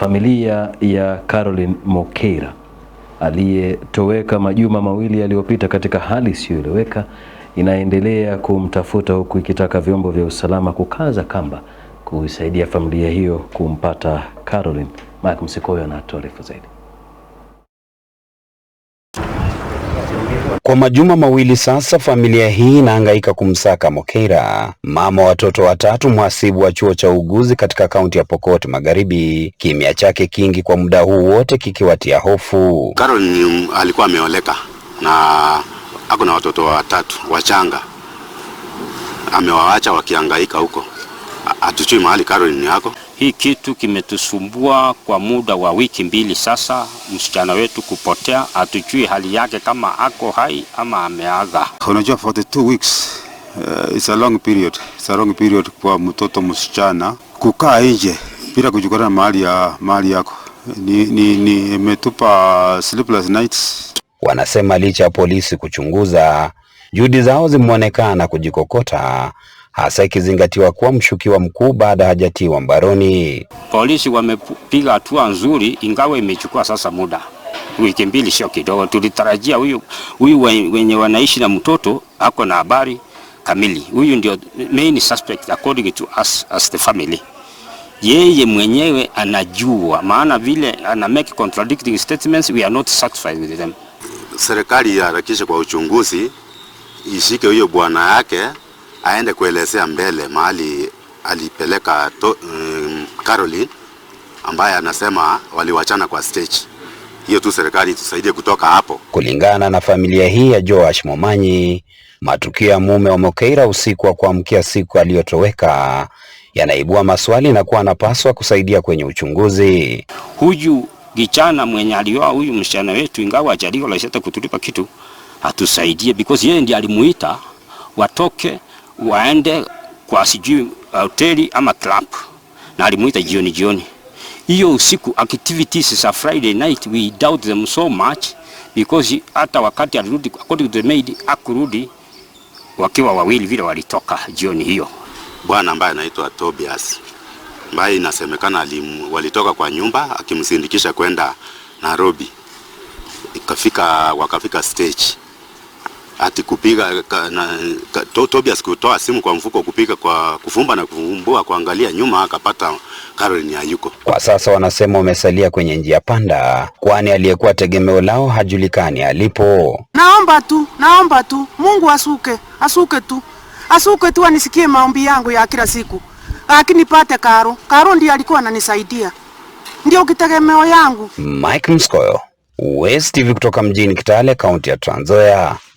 familia ya Caroline Mokera aliyetoweka majuma mawili yaliyopita katika hali isiyoeleweka inaendelea kumtafuta huku ikitaka vyombo vya usalama kukaza kamba kuisaidia familia hiyo kumpata Caroline. Mike Msikoyo anatoa taarifa zaidi. Kwa majuma mawili sasa, familia hii inahangaika kumsaka Mokeira, mama watoto watatu, mhasibu wa chuo cha uuguzi katika kaunti ya Pokot Magharibi, kimya chake kingi kwa muda huu wote kikiwatia hofu. Karen alikuwa ameoleka na ako na watoto watatu wachanga, amewaacha wakihangaika huko. Hatujui mahali Caroline ni yako. Hii kitu kimetusumbua kwa muda wa wiki mbili sasa, msichana wetu kupotea, hatujui hali yake kama ako hai ama ameaga. Unajua, for the two weeks uh, it's a long period, it's a long period kwa mtoto msichana kukaa nje bila kujulikana na mahali ya mahali yako ni, ni, ni imetupa sleepless nights. Wanasema licha ya polisi kuchunguza, juhudi zao zimeonekana kujikokota hasa ikizingatiwa kuwa mshukiwa mkuu bado hajatiwa mbaroni. Polisi wamepiga hatua nzuri, ingawa imechukua sasa muda wiki mbili, sio kidogo. Tulitarajia huyu huyu wenye wanaishi na mtoto ako na habari kamili. Huyu ndio main suspect according to us as the family. Yeye mwenyewe anajua, maana vile ana make contradicting statements, we are not satisfied with them. Serikali iharakishe kwa uchunguzi, ishike huyo bwana yake aende kuelezea mbele mahali alipeleka to, um, Caroline ambaye anasema waliwachana kwa stage hiyo tu. Serikali tusaidie kutoka hapo. Kulingana na familia hii ya Joash Momanyi, matukio ya mume wa Mokeira usiku wa kuamkia siku aliyotoweka yanaibua maswali na kuwa anapaswa kusaidia kwenye uchunguzi. Huyu kichana mwenye alioa huyu msichana wetu, ingawa ajaliwa laiseta kutulipa kitu, atusaidie because yeye ndiye alimuita watoke waende kwa sijui uh, hoteli ama club, na alimuita jioni jioni hiyo usiku. Activities za Friday night we doubt them so much because hata wakati alirudi, according to the maid, akurudi wakiwa wawili vile walitoka jioni hiyo. Bwana ambaye anaitwa Tobias ambaye inasemekana walitoka kwa nyumba akimsindikisha kwenda Nairobi, ikafika wakafika stage ati kupiga ka, na, ka, to, Tobias kutoa simu kwa mfuko kupiga kwa kufumba na kufumbua kuangalia nyuma akapata Caroline hayuko. Kwa sasa wanasema wamesalia kwenye njia panda, kwani aliyekuwa tegemeo lao hajulikani alipo. Naomba tu, naomba tu Mungu asuke, asuke tu, asuke tu anisikie maombi yangu ya kila siku, lakini pate Karo. Karo ndiye alikuwa ananisaidia, ndio kitegemeo yangu. Mike Mskoyo, West TV kutoka mjini Kitale, kaunti ya Trans Nzoia.